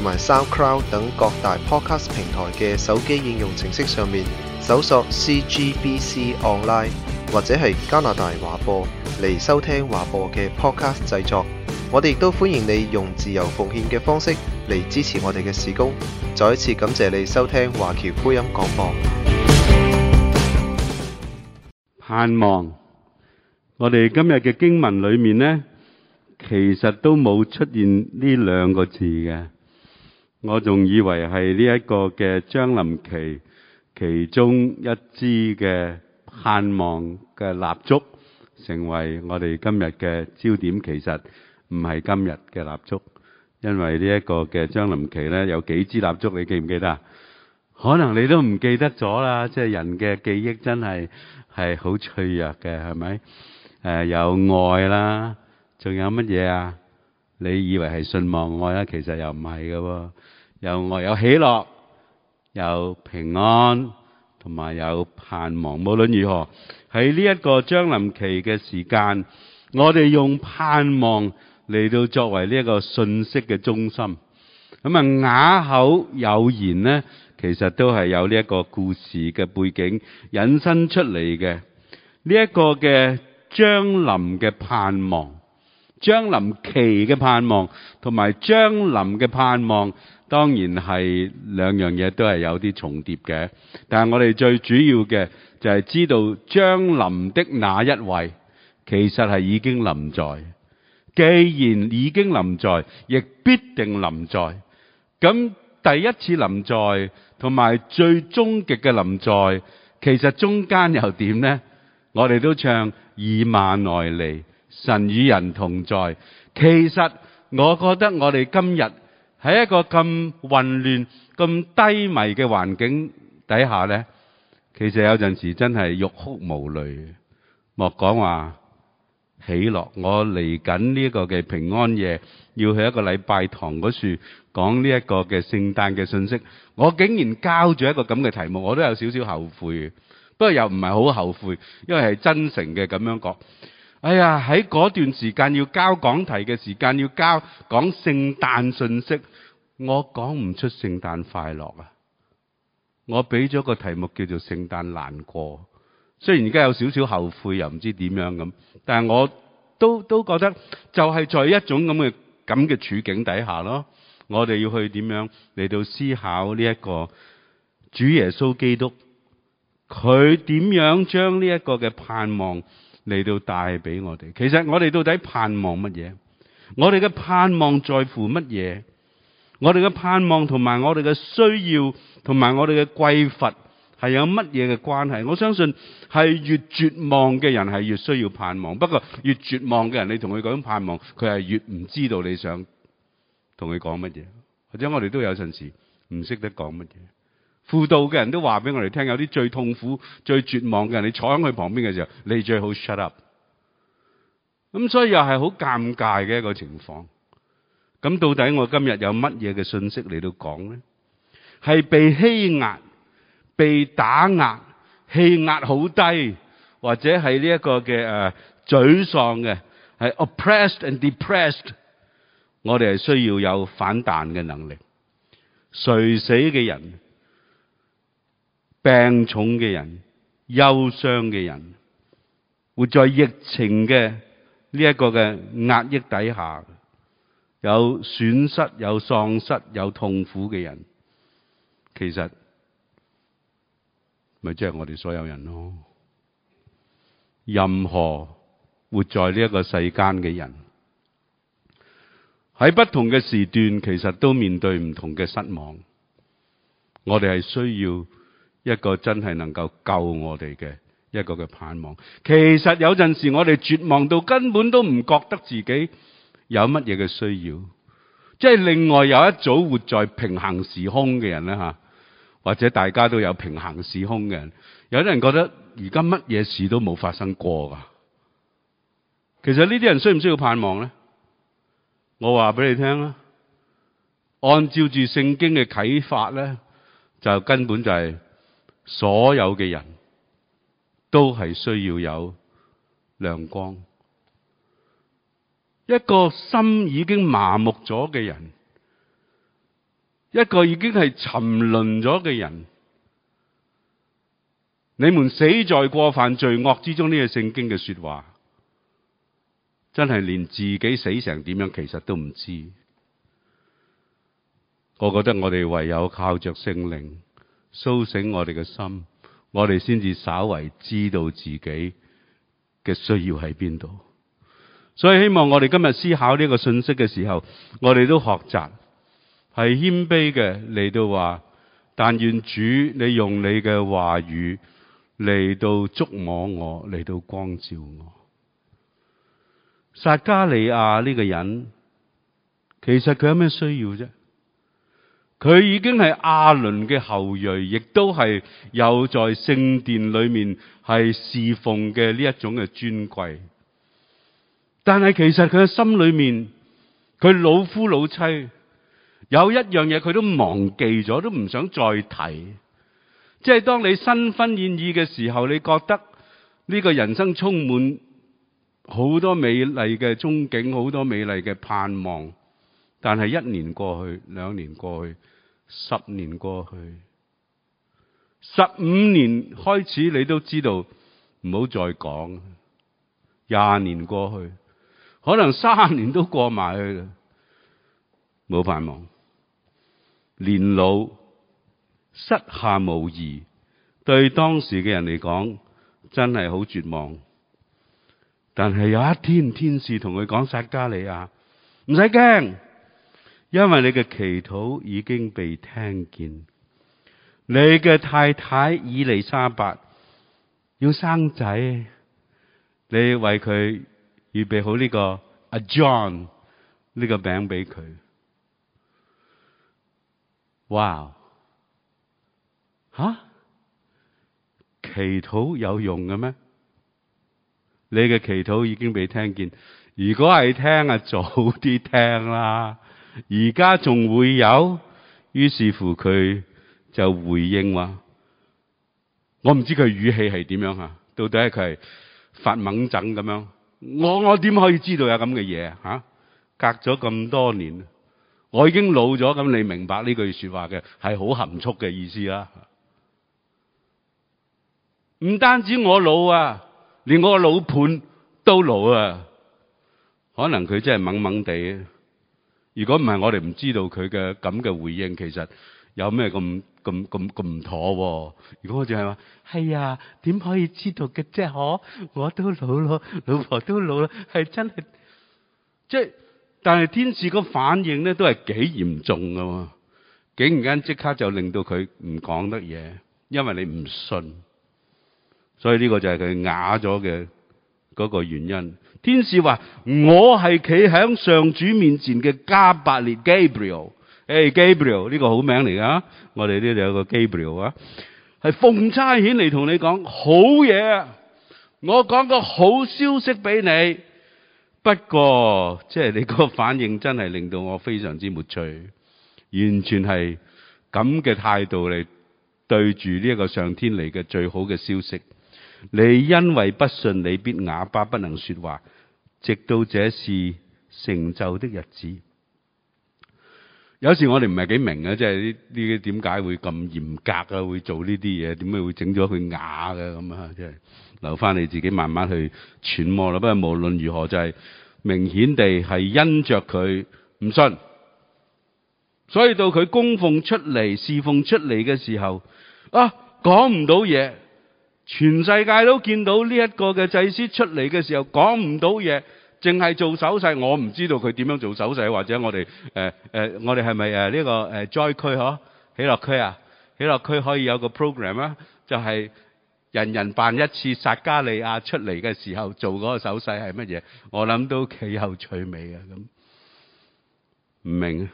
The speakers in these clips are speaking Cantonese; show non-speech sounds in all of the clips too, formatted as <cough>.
同埋 SoundCloud 等各大 Podcast 平台嘅手機應用程式上面，搜索 CGBC Online 或者係加拿大華播嚟收聽華播嘅 Podcast 製作。我哋亦都歡迎你用自由奉獻嘅方式嚟支持我哋嘅事工。再一次感謝你收聽華僑福音廣播。盼望我哋今日嘅經文裏面呢，其實都冇出現呢兩個字嘅。我仲以為係呢一個嘅將臨期其中一支嘅盼望嘅蠟燭成為我哋今日嘅焦點，其實唔係今日嘅蠟燭，因為呢一個嘅將臨期咧有幾支蠟燭，你記唔記得啊？可能你都唔記得咗啦，即係人嘅記憶真係係好脆弱嘅，係咪？誒、呃，有愛啦，仲有乜嘢啊？你以為係信望愛啊，其實又唔係噶喎，有愛，有喜樂，有平安，同埋有盼望。無論如何喺呢一個將臨期嘅時間，我哋用盼望嚟到作為呢一個信息嘅中心。咁啊啞口有言呢，其實都係有呢一個故事嘅背景引申出嚟嘅呢一個嘅將臨嘅盼望。張臨期嘅盼望同埋張臨嘅盼望，當然係兩樣嘢都係有啲重疊嘅。但係我哋最主要嘅就係知道張臨的那一位，其實係已經臨在。既然已經臨在，亦必定臨在。咁第一次臨在同埋最終極嘅臨在，其實中間又點呢？我哋都唱以馬內利。神與人同在，其實我覺得我哋今日喺一個咁混亂、咁低迷嘅環境底下呢，其實有陣時真係欲哭無淚。莫講話喜樂，我嚟緊呢一個嘅平安夜，要去一個禮拜堂嗰處講呢一個嘅聖誕嘅信息，我竟然交咗一個咁嘅題目，我都有少少後悔。不過又唔係好後悔，因為係真誠嘅咁樣講。哎呀，喺嗰段時間要交講題嘅時間要交講聖誕信息，我講唔出聖誕快樂啊！我俾咗個題目叫做聖誕難過，雖然而家有少少後悔，又唔知點樣咁，但係我都都覺得就係在一種咁嘅咁嘅處境底下咯，我哋要去點樣嚟到思考呢一個主耶穌基督，佢點樣將呢一個嘅盼望？嚟到帶俾我哋，其實我哋到底盼望乜嘢？我哋嘅盼望在乎乜嘢？我哋嘅盼望同埋我哋嘅需要同埋我哋嘅匱乏係有乜嘢嘅關係？我相信係越絕望嘅人係越需要盼望，不過越絕望嘅人，你同佢講盼望，佢係越唔知道你想同佢講乜嘢，或者我哋都有陣時唔識得講乜嘢。輔導嘅人都話俾我哋聽，有啲最痛苦、最絕望嘅人，你坐喺佢旁邊嘅時候，你最好 shut up。咁所以又係好尷尬嘅一個情況。咁到底我今日有乜嘢嘅信息嚟到講咧？係被欺壓、被打壓，氣壓好低，或者係呢一個嘅誒沮喪嘅係 oppressed and depressed。我哋係需要有反彈嘅能力。垂死嘅人。病重嘅人、憂傷嘅人，活在疫情嘅呢一個嘅壓抑底下，有損失、有喪失、有痛苦嘅人，其實咪即係我哋所有人咯。任何活在呢一個世間嘅人，喺不同嘅時段，其實都面對唔同嘅失望。我哋係需要。一個真係能夠救我哋嘅一個嘅盼望，其實有陣時我哋絕望到根本都唔覺得自己有乜嘢嘅需要，即係另外有一組活在平行時空嘅人咧吓，或者大家都有平行時空嘅人，有啲人覺得而家乜嘢事都冇發生過噶，其實呢啲人需唔需要盼望咧？我話俾你聽啊，按照住聖經嘅啟發咧，就根本就係、是。所有嘅人都係需要有亮光。一個心已經麻木咗嘅人，一個已經係沉淪咗嘅人，你們死在過犯罪惡之中，呢個聖經嘅說話，真係連自己死成點樣，其實都唔知。我覺得我哋唯有靠着聖靈。蘇醒我哋嘅心，我哋先至稍為知道自己嘅需要喺邊度。所以希望我哋今日思考呢個信息嘅時候，我哋都學習係謙卑嘅嚟到話，但願主你用你嘅話語嚟到觸摸我我，嚟到光照我。撒加利亞呢個人，其實佢有咩需要啫？佢已經係亞倫嘅後裔，亦都係有在聖殿裏面係侍奉嘅呢一種嘅尊貴。但係其實佢嘅心裏面，佢老夫老妻有一樣嘢佢都忘記咗，都唔想再提。即係當你新婚燕爾嘅時候，你覺得呢個人生充滿好多美麗嘅憧憬，好多美麗嘅盼望。但係一年過去，兩年過去，十年過去，十五年開始你都知道，唔好再講。廿年過去，可能三十年都過埋去啦，冇盼望。年老失下無疑，對當時嘅人嚟講，真係好絕望。但係有一天天使同佢講，撒加利亞唔使驚。因為你嘅祈禱已經被聽見，你嘅太太以利沙伯要生仔，你為佢預備好呢、這個阿 John 呢個名俾佢。哇！吓、啊？祈禱有用嘅咩？你嘅祈禱已經被聽見，如果係聽啊，早啲聽啦。而家仲會有，於是乎佢就回應話：我唔知佢語氣係點樣吓，到底係佢發矇震咁樣，我我點可以知道有咁嘅嘢吓？隔咗咁多年，我已經老咗，咁你明白呢句說話嘅係好含蓄嘅意思啦。唔單止我老啊，連我個老伴都老啊，可能佢真係懵懵哋。如果唔係，我哋唔知道佢嘅咁嘅回應，其實有咩咁咁咁咁唔妥，啊？如果我哋係話係啊，點、哎、可以知道嘅啫？嗬，我都老咯，老婆都老咯，係真係，即係，但係天使個反應咧都係幾嚴重噶，啊，竟然間即刻就令到佢唔講得嘢，因為你唔信，所以呢個就係佢啞咗嘅。嗰個原因，天使話：我係企喺上主面前嘅加百列、hey, Gabriel，誒 Gabriel 呢個好名嚟㗎！我哋呢度有個 Gabriel 啊，係奉差遣嚟同你講好嘢，我講個好消息俾你。不過，即係你個反應真係令到我非常之沒趣，完全係咁嘅態度嚟對住呢一個上天嚟嘅最好嘅消息。你因為不信，你必啞巴不能說話，直到這是成就的日子。 <music> 有時我哋唔係幾明啊，即係呢，呢啲點解會咁嚴格啊？會做呢啲嘢，點解會整咗佢啞嘅咁啊？即係留翻你自己慢慢去揣摩啦。不過無論如何，就係、是、明顯地係因着佢唔信，所以到佢供奉出嚟、侍奉出嚟嘅時候啊，講唔到嘢。全世界都見到呢一個嘅祭司出嚟嘅時候講唔到嘢，淨係做手勢，我唔知道佢點樣做手勢或者我哋誒誒我哋係咪誒呢個誒災區嗬、啊、喜樂區啊，喜樂區可以有個 program 啊，就係人人扮一次撒加利亞出嚟嘅時候做嗰個手勢係乜嘢？我諗都幾有趣味啊，咁，唔明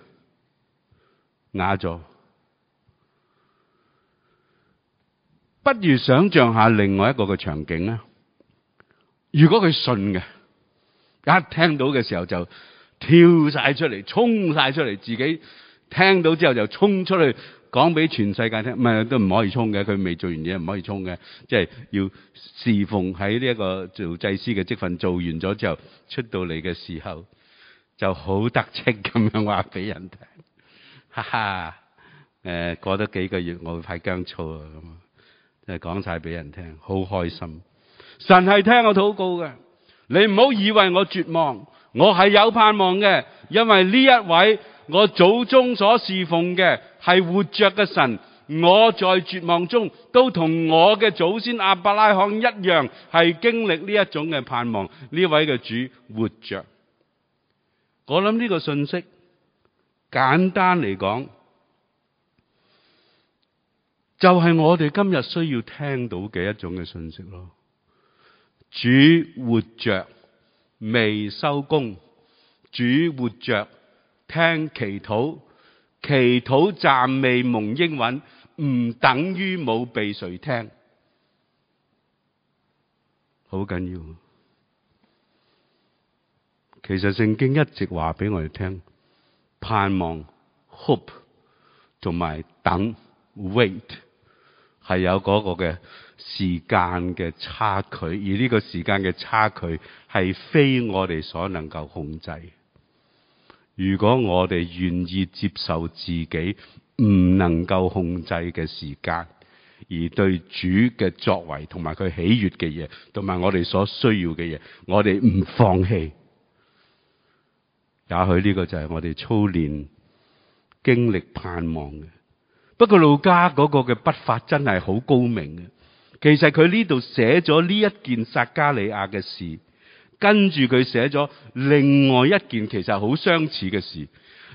啊，啞咗。不如想象下另外一個嘅場景啦。如果佢信嘅，一聽到嘅時候就跳晒出嚟，衝晒出嚟，自己聽到之後就衝出去講俾全世界聽。唔係都唔可以衝嘅，佢未做完嘢唔可以衝嘅，即係要侍奉喺呢一個做祭司嘅職份做完咗之後出到嚟嘅時候就好得戚咁樣話俾人聽。哈哈，誒、呃，過咗幾個月我會派姜醋啊咁係講晒俾人聽，好開心。神係聽我禱告嘅，你唔好以為我絕望，我係有盼望嘅。因為呢一位我祖宗所侍奉嘅係活着嘅神，我在絕望中都同我嘅祖先亞伯拉罕一樣，係經歷呢一種嘅盼望。呢位嘅主活着，我諗呢個信息簡單嚟講。就係我哋今日需要聽到嘅一種嘅信息咯。主活着，未收工。主活着，聽祈禱。祈禱暫未蒙應允，唔等於冇被誰聽。好緊要。其實聖經一直話俾我哋聽，盼望、hope 同埋等、wait。係有嗰個嘅時間嘅差距，而呢個時間嘅差距係非我哋所能夠控制。如果我哋願意接受自己唔能夠控制嘅時間，而對主嘅作為同埋佢喜悅嘅嘢，同埋我哋所需要嘅嘢，我哋唔放棄。也許呢個就係我哋操練經歷盼望嘅。不過路加嗰個嘅筆法真係好高明啊！其實佢呢度寫咗呢一件撒加利亞嘅事，跟住佢寫咗另外一件其實好相似嘅事，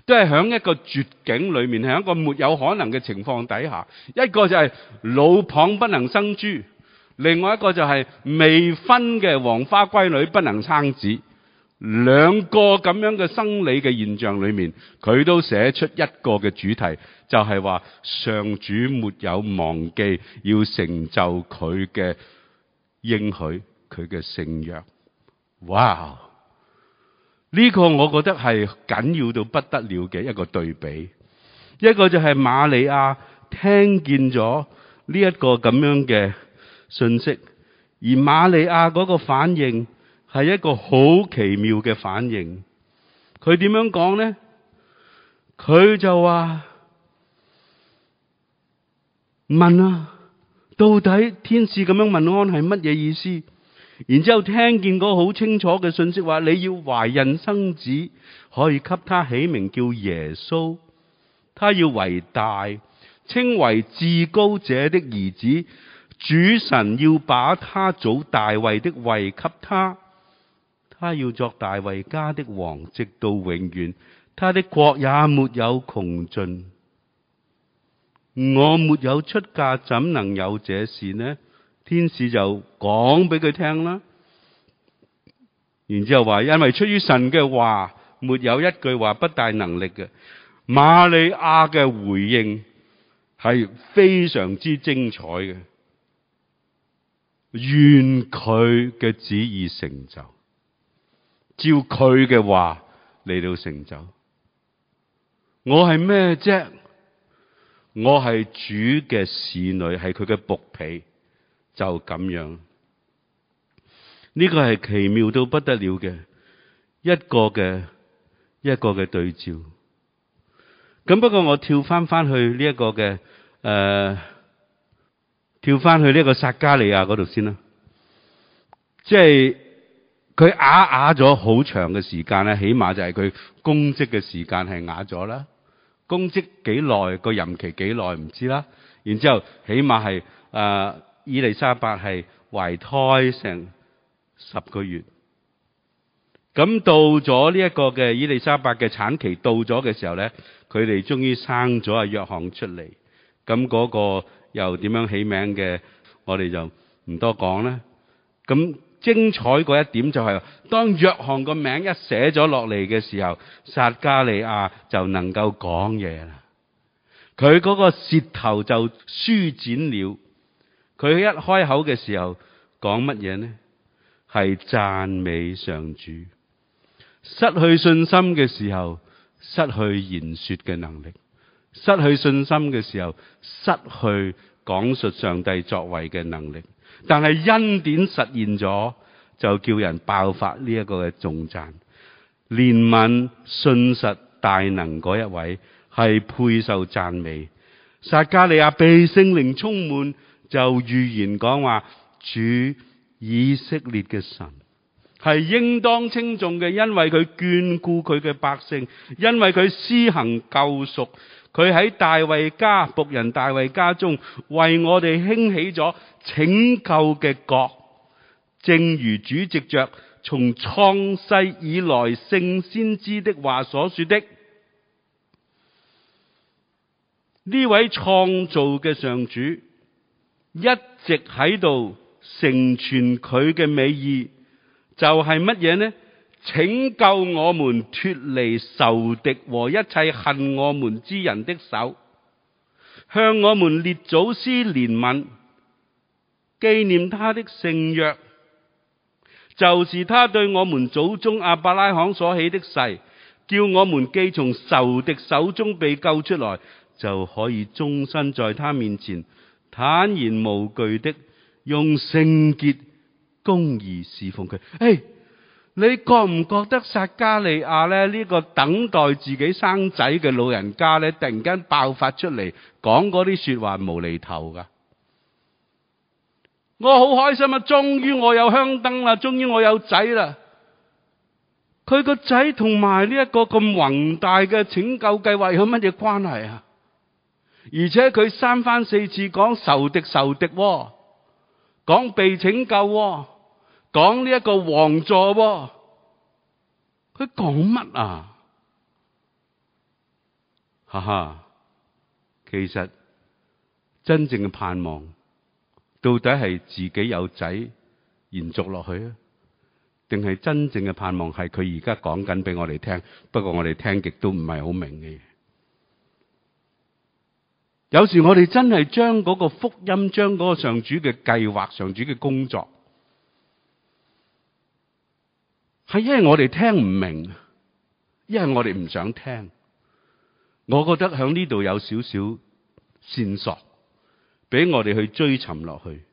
都係響一個絕境裏面，響一個沒有可能嘅情況底下，一個就係老蚌不能生珠，另外一個就係未婚嘅黃花閨女不能生子。兩個咁樣嘅生理嘅現象裏面，佢都寫出一個嘅主題，就係話，上主沒有忘記要成就佢嘅應許，佢嘅聖約。哇！呢個我覺得係緊要到不得了嘅一個對比。一個就係瑪利亞聽見咗呢一個咁樣嘅信息，而瑪利亞嗰個反應。係一個好奇妙嘅反應。佢點樣講呢？佢就話：問啊，到底天使咁樣問安係乜嘢意思？然之後聽見個好清楚嘅信息，話你要懷孕生子，可以給他起名叫耶穌。他要為大，稱為至高者的兒子。主神要把他祖大衛的位給他。他要作大衛家的王，直到永遠。他的國也沒有窮盡。我沒有出嫁，怎能有這事呢？天使就講俾佢聽啦。然之後話，因為出於神嘅話，沒有一句話不帶能力嘅。瑪利亞嘅回應係非常之精彩嘅，願佢嘅旨意成就。照佢嘅話嚟到成就，我係咩啫？我係主嘅侍女，係佢嘅僕婢，就咁樣。呢、呢個係奇妙到不得了嘅一個嘅一個嘅對照。咁不過我跳翻翻去呢一個嘅誒、呃，跳翻去呢個撒加利亞嗰度先啦，即係。佢啞啞咗好長嘅時間咧，起碼就係佢公職嘅時間係啞咗啦。公職幾耐，個任期幾耐唔知啦。然之後起碼係誒伊麗莎白係懷胎成十個月。咁到咗呢一個嘅伊麗莎白嘅產期到咗嘅時候咧，佢哋終於生咗阿約翰出嚟。咁嗰個又點樣起名嘅？我哋就唔多講啦。咁。精彩嗰一點就係、是，當約翰個名一寫咗落嚟嘅時候，撒迦利亞就能夠講嘢啦。佢嗰個舌頭就舒展了，佢一開口嘅時候講乜嘢呢？係讚美上主。失去信心嘅時候，失去言說嘅能力；失去信心嘅時候，失去講述上帝作為嘅能力。但係恩典實現咗，就叫人爆發呢一個嘅頌讚。憐憫、信實、大能嗰一位，係配受讚美。撒迦利亞被聖靈充滿，就預言講話：主以色列嘅神係應當稱頌嘅，因為佢眷顧佢嘅百姓，因為佢施行救贖。佢喺大衛家僕人大衛家中為我哋興起咗拯救嘅國，正如主藉着從創世以來聖先知的話所說的，呢位創造嘅上主一直喺度成全佢嘅美意，就係乜嘢呢？拯救我們脫離仇敵和一切恨我們之人的手，向我們列祖施憐憫，紀念他的聖約，就是他對我們祖宗亞伯拉罕所起的誓，叫我們既從仇敵手中被救出來，就可以終身在他面前坦然無懼的用聖潔公義侍奉佢。哎。你覺唔覺得撒迦利亞咧呢、這個等待自己生仔嘅老人家咧，突然間爆發出嚟講嗰啲說話無厘頭㗎？我好開心啊！終於我有香燈啦，終於我有仔啦！佢個仔同埋呢一個咁宏大嘅拯救計劃有乜嘢關係啊？而且佢三番四次講仇敵，仇敵、喎，講被拯救、喎。講呢一個王座，啊，佢講乜啊？哈哈，其實真正嘅盼望，到底係自己有仔延續落去啊？定係真正嘅盼望係佢而家講緊俾我哋聽？不過我哋聽極都唔係好明嘅嘢。有時我哋真係將嗰個福音，將嗰個上主嘅計劃，上主嘅工作。係因為我哋聽唔明，因為我哋唔想聽。我覺得喺呢度有少少線索，俾我哋去追尋落去。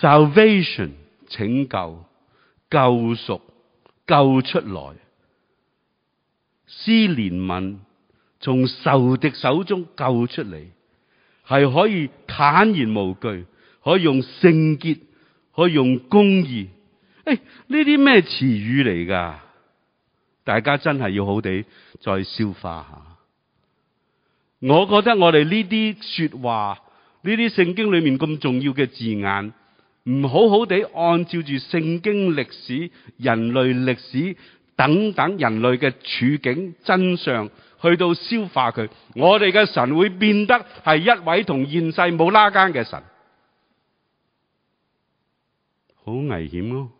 Salvation 拯救、救贖、救出來，施憐憫從仇敵手中救出嚟，係可以坦然無懼，可以用聖潔，可以用公義。誒，呢啲咩詞語嚟㗎？大家真係要好地再消化下。我覺得我哋呢啲說話，呢啲聖經裏面咁重要嘅字眼，唔好好地按照住聖經歷史、人類歷史等等人類嘅處境真相去到消化佢，我哋嘅神會變得係一位同現世冇拉更嘅神，好危險咯、啊、～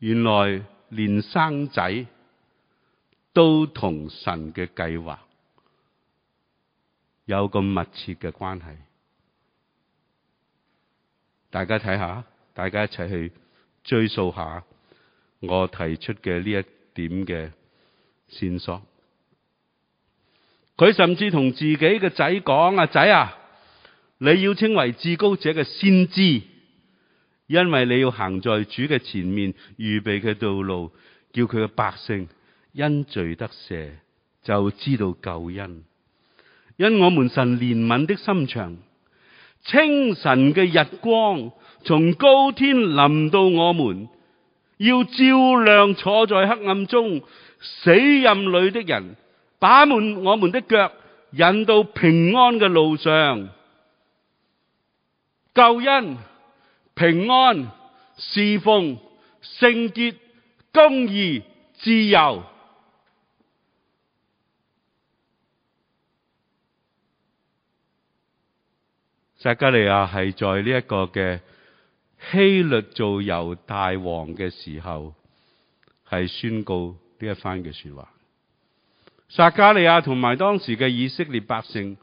原來連生仔都同神嘅計劃有咁密切嘅關係，大家睇下，大家一齊去追溯下我提出嘅呢一點嘅線索。佢甚至同自己嘅仔講：阿仔啊，你要稱為至高者嘅先知。因為你要行在主嘅前面預備嘅道路，叫佢嘅百姓因罪得赦，就知道救恩。因我們神憐憫的心腸，清晨嘅日光從高天臨到我們，要照亮坐在黑暗中死蔭裏的人，把們我們的腳引到平安嘅路上，救恩。平安、侍奉、聖潔、公義、自由。撒加利亞係在呢一個嘅希律做猶大王嘅時候，係宣告呢一番嘅說話。撒加利亞同埋當時嘅以色列百姓，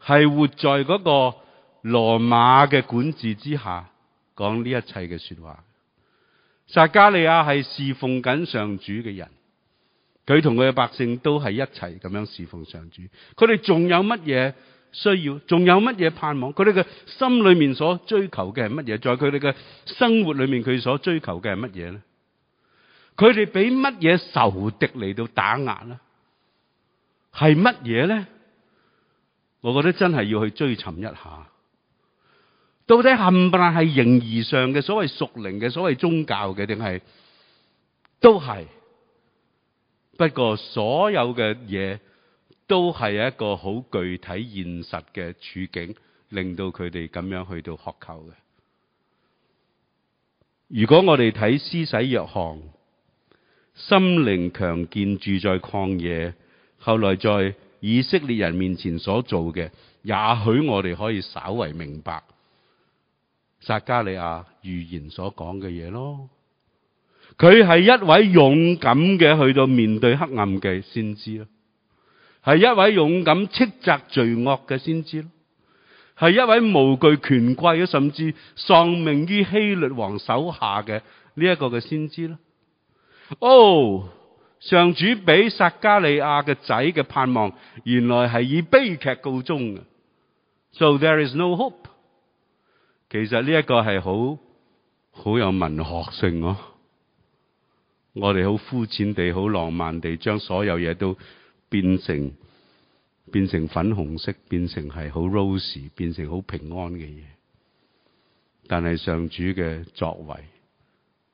係活在個羅馬嘅管治之下。講呢一切嘅說話，撒加利亞係侍奉緊上主嘅人，佢同佢嘅百姓都係一齊咁樣侍奉上主。佢哋仲有乜嘢需要？仲有乜嘢盼望？佢哋嘅心裏面所追求嘅係乜嘢？在佢哋嘅生活裏面，佢所追求嘅係乜嘢咧？佢哋俾乜嘢仇敵嚟到打壓咧？係乜嘢咧？我覺得真係要去追尋一下。到底冚唪唥係形而上嘅所謂屬靈嘅所謂宗教嘅，定係都係？不過所有嘅嘢都係一個好具體現實嘅處境，令到佢哋咁樣去到渴求嘅。如果我哋睇施洗約翰心靈強健，住在曠野，後來在以色列人面前所做嘅，也許我哋可以稍為明白。撒迦利亞預言所講嘅嘢咯，佢係一位勇敢嘅去到面對黑暗嘅先知咯，係一位勇敢斥責罪惡嘅先知咯，係一位無懼權貴嘅甚至喪命於希律王手下嘅呢一個嘅先知咯。哦、oh，上主俾撒迦利亞嘅仔嘅盼望，原來係以悲劇告終嘅。So there is no hope. 其實呢一個係好，好有文學性咯、啊。我哋好膚淺地、好浪漫地，將所有嘢都變成變成粉紅色，變成係好 rose，變成好平安嘅嘢。但係上主嘅作為，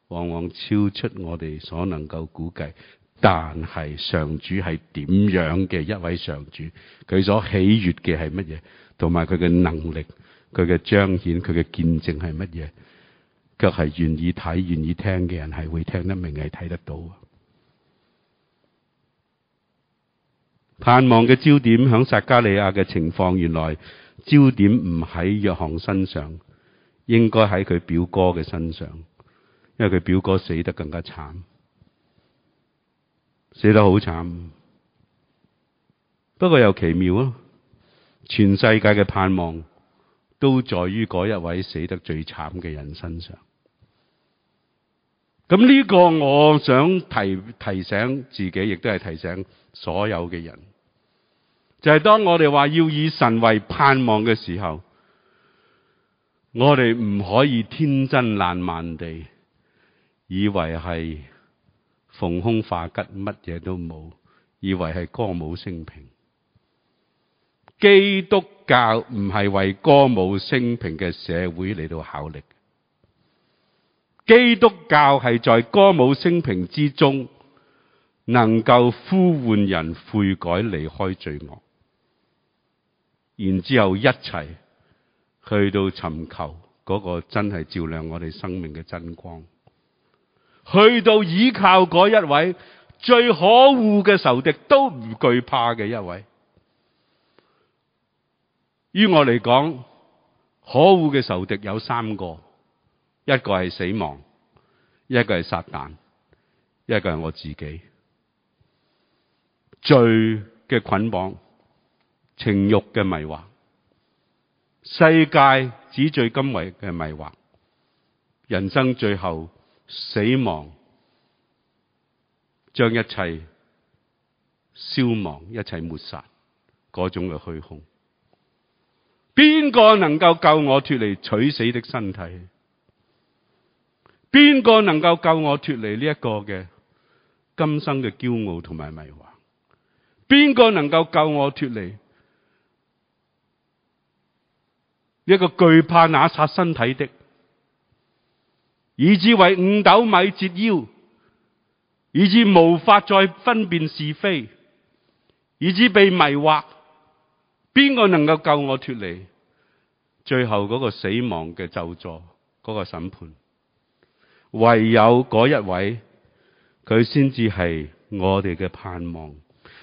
往往超出我哋所能夠估計。但係上主係點樣嘅一位上主？佢所喜悅嘅係乜嘢？同埋佢嘅能力？佢嘅彰顯，佢嘅見證係乜嘢？卻係願意睇，願意聽嘅人係會聽得明，係睇得到。盼望嘅焦點響撒迦利亞嘅情況，原來焦點唔喺約翰身上，應該喺佢表哥嘅身上，因為佢表哥死得更加慘，死得好慘。不過又奇妙啊，全世界嘅盼望。都在於嗰一位死得最慘嘅人身上。咁呢個我想提提醒自己，亦都係提醒所有嘅人，就係、是、當我哋話要以神為盼望嘅時候，我哋唔可以天真爛漫地以為係逢凶化吉，乜嘢都冇；以為係歌舞升平，基督。教唔係為歌舞升平嘅社會嚟到考慮，基督教係在歌舞升平之中，能夠呼喚人悔改離開罪惡，然之後一齊去到尋求嗰個真係照亮我哋生命嘅真光，去到依靠嗰一位最可惡嘅仇敵都唔懼怕嘅一位。於我嚟講，可惡嘅仇敵有三個，一個係死亡，一個係撒旦，一個係我自己罪嘅捆綁、情欲嘅迷惑、世界紙醉金迷嘅迷惑、人生最後死亡將一切消亡、一切抹殺嗰種嘅虛空。邊個能夠救我脱離取死的身體？邊個能夠救我脱離呢一個嘅今生嘅驕傲同埋迷惑？邊個能夠救我脱離一個懼怕那殺身體的，以致為五斗米折腰，以致無法再分辨是非，以致被迷惑？邊個能夠救我脫離最後嗰個死亡嘅咒詛，嗰個審判？唯有嗰一位，佢先至係我哋嘅盼望。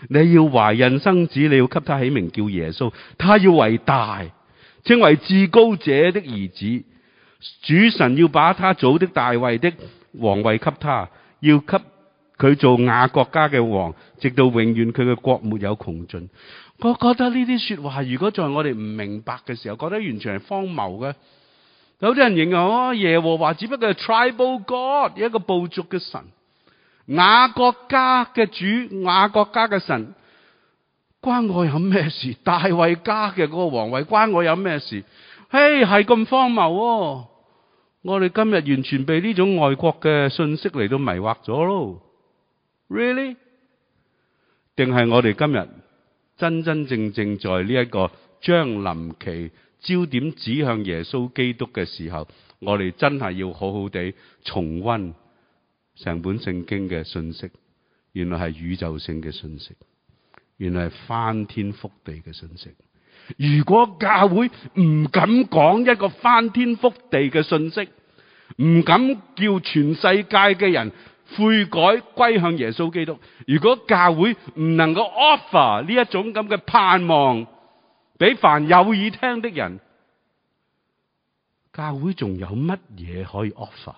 你要懷孕生子，你要給他起名叫耶穌。他要為大，稱為至高者的兒子。主神要把他祖的大衛的王位給他，要給佢做雅各家嘅王，直到永遠，佢嘅國沒有窮盡。我覺得呢啲說話，如果在我哋唔明白嘅時候，覺得完全係荒謬嘅。有啲人認為哦，耶和華只不過係 tribal God，一個部族嘅神，雅各家嘅主，雅各家嘅神，關我有咩事？大衛家嘅個王位關我有咩事？嘿，係咁荒謬。我哋今日完全被呢種外國嘅信息嚟到迷惑咗咯。Really？定係我哋今日？真真正正在呢一個將臨期，焦點指向耶穌基督嘅時候，我哋真係要好好地重温成本聖經嘅信息。原來係宇宙性嘅信息，原來係翻天覆地嘅信息。如果教會唔敢講一個翻天覆地嘅信息，唔敢叫全世界嘅人。悔改歸向耶穌基督。如果教會唔能夠 offer 呢一種咁嘅盼望，俾凡有意聽的人，教會仲有乜嘢可以 offer？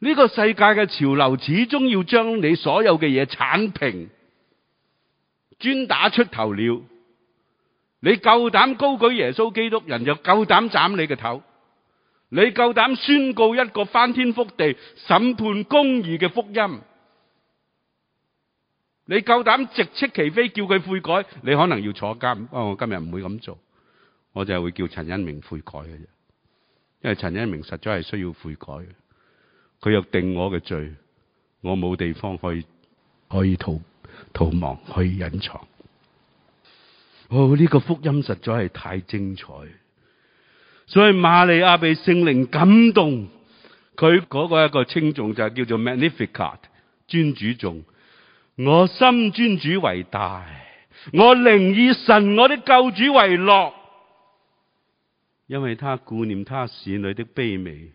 呢個世界嘅潮流始終要將你所有嘅嘢鏟平，專打出頭鳥，你夠膽高舉耶穌基督，人就夠膽斬你嘅頭。你夠膽宣告一個翻天覆地、審判公義嘅福音？你夠膽直斥其非，叫佢悔改？你可能要坐監。不過，哦，我今日唔會咁做，我就會叫陳恩明悔改嘅啫。因為陳恩明實在係需要悔改，佢又定我嘅罪，我冇地方可以可以逃逃亡，可以隱藏。哦，呢個福音實在係太精彩。所以瑪利亞被聖靈感動，佢嗰個一個稱頌就係叫做 Magnificat，尊主頌。我心尊主為大，我靈以神我的救主為樂。因為他顧念他使女的卑微，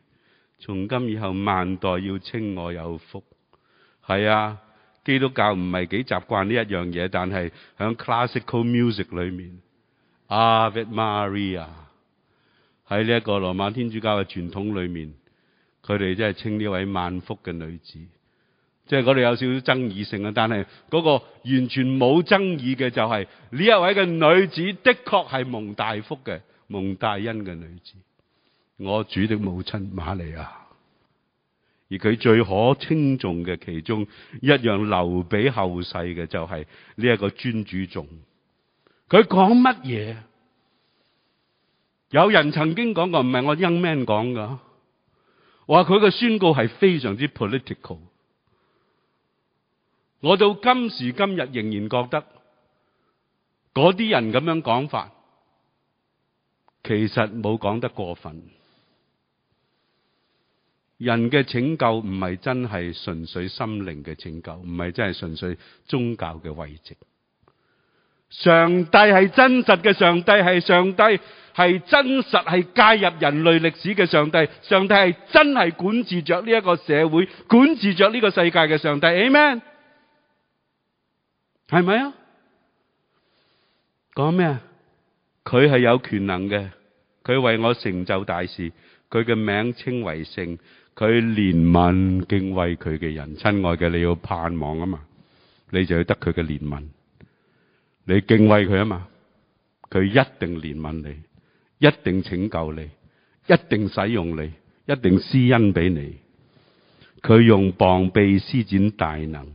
從今以後萬代要稱我有福。係啊，基督教唔係幾習慣呢一樣嘢，但係響 classical music 裏面 Ave Maria。喺呢一個羅馬天主教嘅傳統裏面，佢哋即係稱呢位萬福嘅女子，即係嗰度有少少爭議性啊。但係嗰個完全冇爭議嘅就係呢一位嘅女子的確係蒙大福嘅，蒙大恩嘅女子，我主的母親瑪利亞。而佢最可稱頌嘅其中一樣留俾後世嘅就係呢一個尊主頌。佢講乜嘢？有人曾經講過，唔係我恩明講噶，話佢嘅宣告係非常之 political。我到今時今日仍然覺得，嗰啲人咁樣講法，其實冇講得過分。人嘅拯救唔係真係純粹心靈嘅拯救，唔係真係純粹宗教嘅慰藉。上帝係真實嘅，上帝係上帝，係真實，係介入人類歷史嘅上帝，上帝係真係管治着呢一個社會，管治着呢個世界嘅上帝，Amen，係咪啊？講咩啊？佢係有權能嘅，佢為我成就大事，佢嘅名稱為聖，佢憐憫敬畏佢嘅人，親愛嘅，你要盼望啊嘛，你就要得佢嘅憐憫。你敬畏佢啊嘛，佢一定憐憫你，一定拯救你，一定使用你，一定施恩俾你。佢用膀臂施展大能，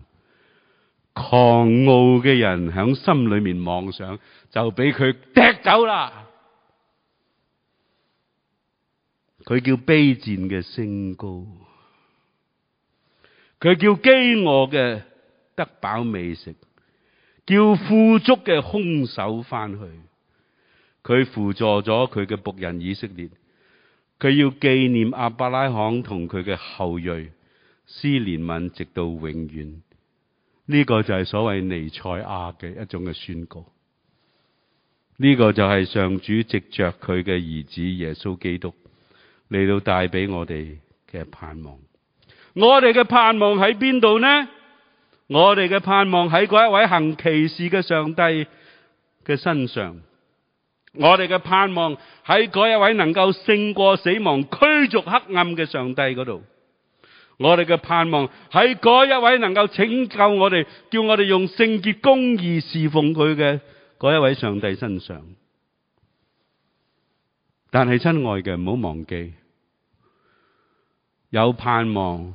狂傲嘅人響心裏面妄想，就俾佢踢走啦。佢叫卑賤嘅升高，佢叫飢餓嘅得飽美食。叫富足嘅空手翻去，佢輔助咗佢嘅僕人以色列，佢要紀念亞伯拉罕同佢嘅後裔施憐憫直到永遠。呢、這個就係所謂尼賽亞嘅一種嘅宣告。呢、這個就係上主藉着佢嘅兒子耶穌基督嚟到帶俾我哋嘅盼望。我哋嘅盼望喺邊度呢？我哋嘅盼望喺嗰一位行奇事嘅上帝嘅身上，我哋嘅盼望喺嗰一位能夠勝過死亡、驅逐黑暗嘅上帝嗰度，我哋嘅盼望喺嗰一位能夠拯救我哋、叫我哋用聖潔公義侍奉佢嘅嗰一位上帝身上。但係，親愛嘅，唔好忘記有盼望，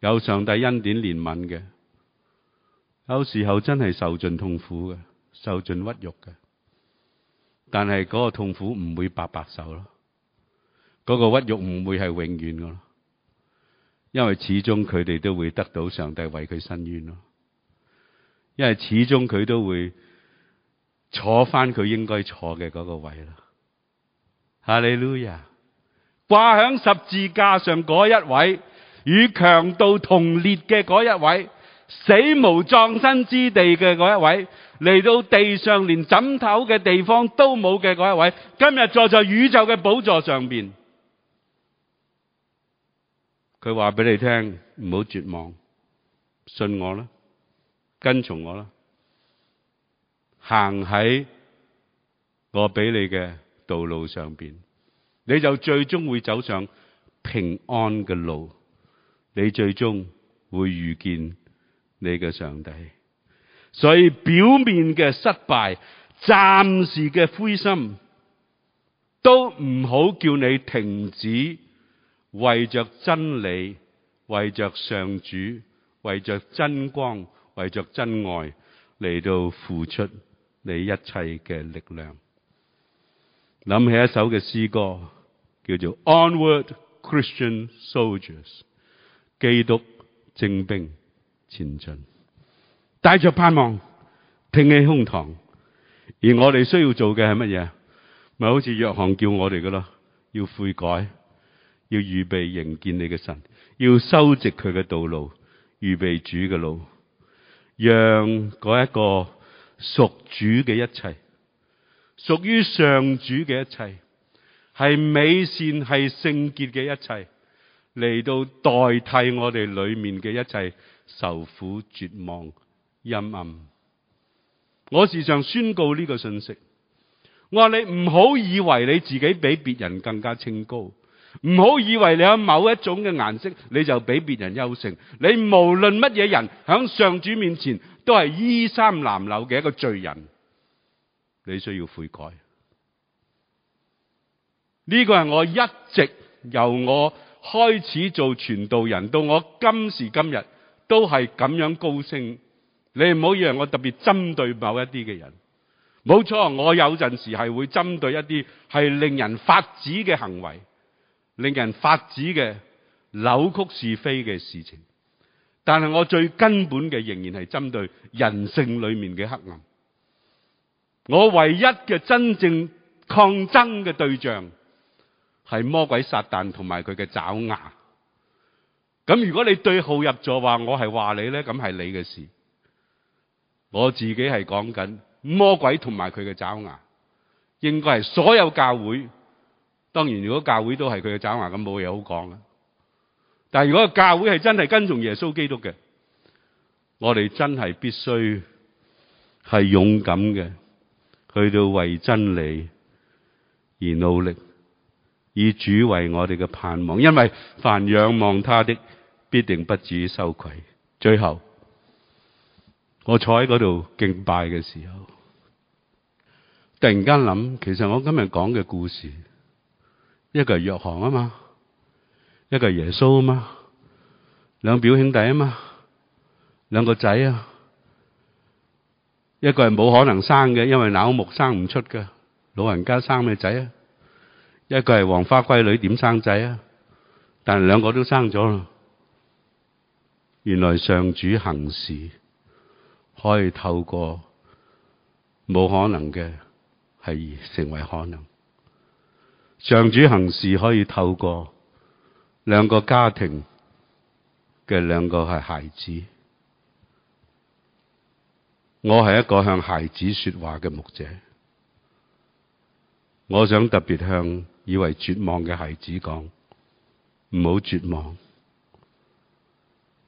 有上帝恩典憐憫嘅。有時候真係受盡痛苦嘅，受盡屈辱嘅。但係嗰個痛苦唔會白白受咯，嗰個屈辱唔會係永遠嘅咯。因為始終佢哋都會得到上帝為佢伸冤咯。因為始終佢都會坐翻佢應該坐嘅嗰個位咯。哈利路亞，掛喺十字架上嗰一位，與強盜同列嘅嗰一位。死無葬身之地嘅嗰一位，嚟到地上連枕頭嘅地方都冇嘅嗰一位，今日坐在宇宙嘅寶座上邊，佢話俾你聽：唔好絕望，信我啦，跟從我啦，行喺我俾你嘅道路上邊，你就最終會走上平安嘅路，你最終會遇見你嘅上帝，所以表面嘅失敗、暫時嘅灰心，都唔好叫你停止為着真理、為着上主、為着真光、為着真愛嚟到付出你一切嘅力量。諗起一首嘅詩歌，叫做《Onward Christian Soldiers》，基督精兵。前進，帶着盼望，挺起胸膛。而我哋需要做嘅係乜嘢？咪、就是、好似約翰叫我哋噶咯，要悔改，要預備迎見你嘅神，要修直佢嘅道路，預備主嘅路，讓嗰一個屬主嘅一切，屬於上主嘅一切，係美善係聖潔嘅一切。嚟到代替我哋裏面嘅一切受苦、絕望、陰暗。我時常宣告呢個信息，我話，你唔好以為你自己比別人更加清高，唔好以為你有某一種嘅顏色，你就比別人優勝。你無論乜嘢人，響上主面前都係衣衫襤褸嘅一個罪人，你需要悔改。呢個係我一直由我。開始做傳道人，到我今時今日都係咁樣高升，你唔好以為我特別針對某一啲嘅人。冇錯，我有陣時係會針對一啲係令人發指嘅行為，令人發指嘅扭曲是非嘅事情。但係我最根本嘅仍然係針對人性裏面嘅黑暗。我唯一嘅真正抗爭嘅對象，係魔鬼撒旦同埋佢嘅爪牙。咁如果你對號入座話我係話你咧，咁係你嘅事。我自己係講緊魔鬼同埋佢嘅爪牙，應該係所有教會。當然，如果教會都係佢嘅爪牙，咁冇嘢好講啦。但係如果教會係真係跟從耶穌基督嘅，我哋真係必須係勇敢嘅，去到為真理而努力。以主為我哋嘅盼望，因為凡仰望他的，必定不至於羞愧。最後，我坐喺嗰度敬拜嘅時候，突然間諗，其實我今日講嘅故事，一個係約翰啊嘛，一個係耶穌啊嘛，兩表兄弟啊嘛，兩個仔啊，一個係冇可能生嘅，因為老木生唔出嘅，老人家生咩仔啊？一個係黃花閨女點生仔啊？但係兩個都生咗啦。原來上主行事可以透過冇可能嘅，係成為可能。上主行事可以透過兩個家庭嘅兩個係孩子。我係一個向孩子說話嘅牧者，我想特別向。以為絕望嘅孩子講，唔好絕望，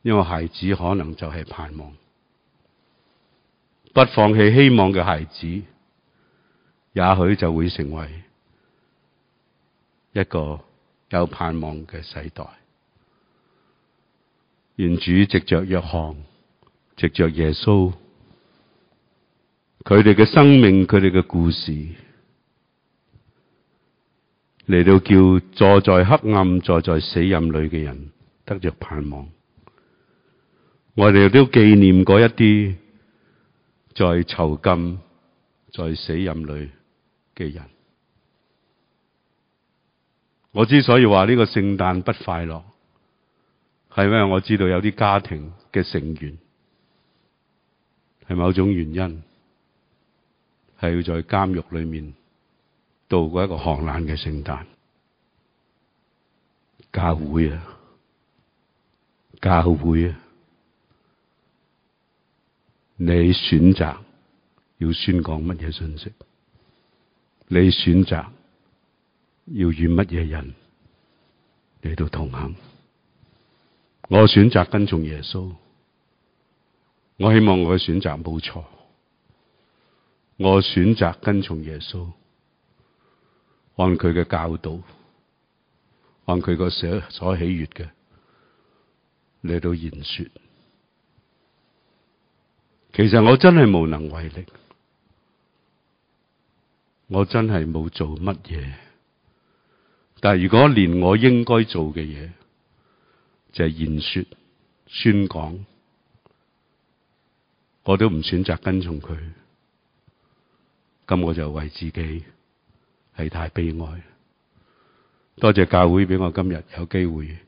因為孩子可能就係盼望，不放棄希望嘅孩子，也許就會成為一個有盼望嘅世代。願主藉着約翰，藉着耶穌，佢哋嘅生命，佢哋嘅故事。嚟到叫坐在黑暗、坐在死蔭裏嘅人，人得着盼望，我哋都紀念嗰一啲在囚禁、在死蔭裏嘅人。我之所以話呢個聖誕不快樂，係因為我知道有啲家庭嘅成員係某種原因係要在監獄裏面。度過一個寒冷嘅聖誕，教會啊，教會啊，你選擇要宣講乜嘢信息？你選擇要與乜嘢人嚟到同行？我選擇跟從耶穌。我希望我嘅選擇冇錯。我選擇跟從耶穌。按佢嘅教導，按佢個寫所喜悅嘅嚟到言說，其實我真係無能為力，我真係冇做乜嘢。但係如果連我應該做嘅嘢，就係言說、宣講，我都唔選擇跟從佢，咁我就為自己。係太悲哀。多謝教會俾我今日有機會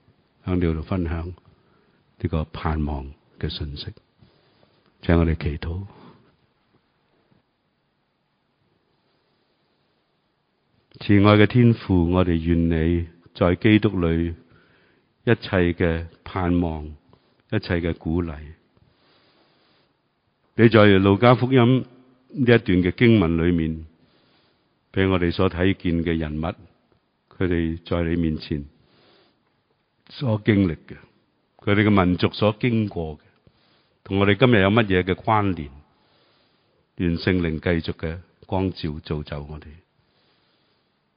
喺呢度分享呢個盼望嘅信息，請我哋祈禱。慈愛嘅天父，我哋願你在基督裏一切嘅盼望，一切嘅鼓勵。你在路加福音呢一段嘅經文裏面。俾我哋所睇見嘅人物，佢哋在你面前所經歷嘅，佢哋嘅民族所經過嘅，同我哋今日有乜嘢嘅關聯？願聖靈繼續嘅光照造就我哋。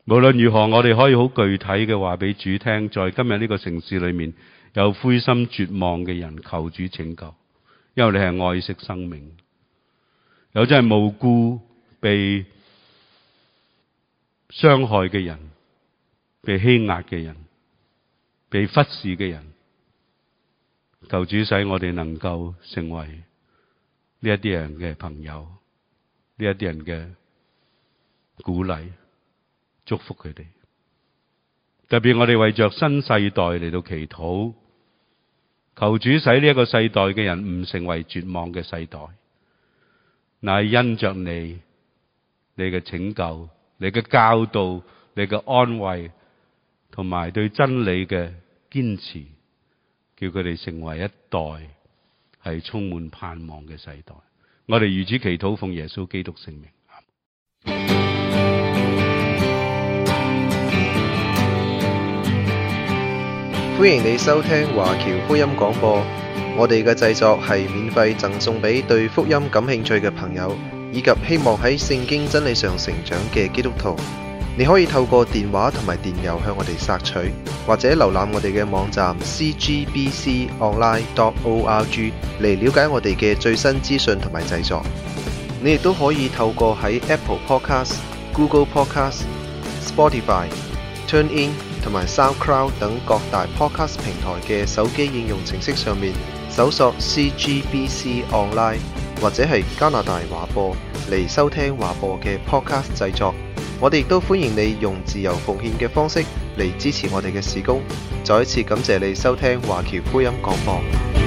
無論如何，我哋可以好具體嘅話俾主聽，在今日呢個城市裏面，有灰心絕望嘅人求主拯救，因為你係愛惜生命。有真係無辜被。傷害嘅人，被欺壓嘅人，被忽視嘅人，求主使我哋能夠成為呢一啲人嘅朋友，呢一啲人嘅鼓勵、祝福佢哋。特別我哋為着新世代嚟到祈禱，求主使呢一個世代嘅人唔成為絕望嘅世代。乃係因着你，你嘅拯救。你嘅教導、你嘅安慰，同埋對真理嘅堅持，叫佢哋成為一代係充滿盼望嘅世代。我哋如此祈禱，奉耶穌基督聖名。歡迎你收聽華僑福音廣播。我哋嘅製作係免費贈送俾對福音感興趣嘅朋友。以及希望喺聖經真理上成長嘅基督徒，你可以透過電話同埋電郵向我哋索取，或者瀏覽我哋嘅網站 cgbconline.org 嚟了解我哋嘅最新資訊同埋製作。你亦都可以透過喺 Apple Podcast、Google Podcast、Spotify、Turn In 同埋 SoundCloud 等各大 podcast 平台嘅手機應用程式上面搜索 cgbconline。或者係加拿大華播嚟收聽華播嘅 podcast 製作，我哋亦都歡迎你用自由奉獻嘅方式嚟支持我哋嘅事工。再一次感謝你收聽華僑福音廣播。